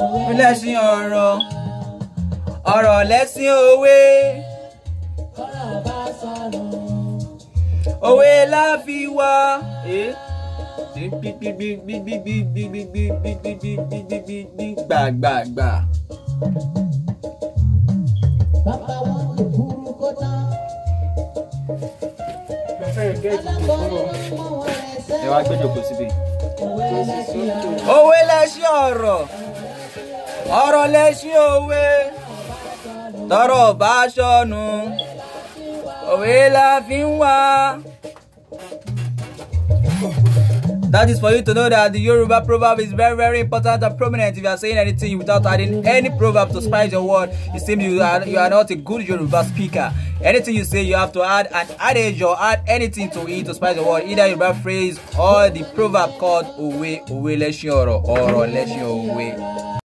Oh lẹ́sìn ọ̀rọ̀ ọ̀rọ̀ lẹ́sìn òwe òwe la fi wá gbàgbàgbà. bàbá wa kò burú kó tán. ẹ wá gbẹjọ kò síbi. òwe lẹ́sìn ọ̀rọ̀ ọ̀rọ̀ lẹ́ṣin òwe tọrọ bá sọnù òwe la fi ń wá. That is for you to know that the Yoruba proverb is very, very important and prominent. If you are saying anything without adding any proverb to spice your word, it seems you are you are not a good Yoruba speaker. Anything you say, you have to add an adage or add anything to it to spice your word, either Yoruba phrase or the proverb called Owe Òwe lẹṣin or ọ̀rọ̀ lẹṣin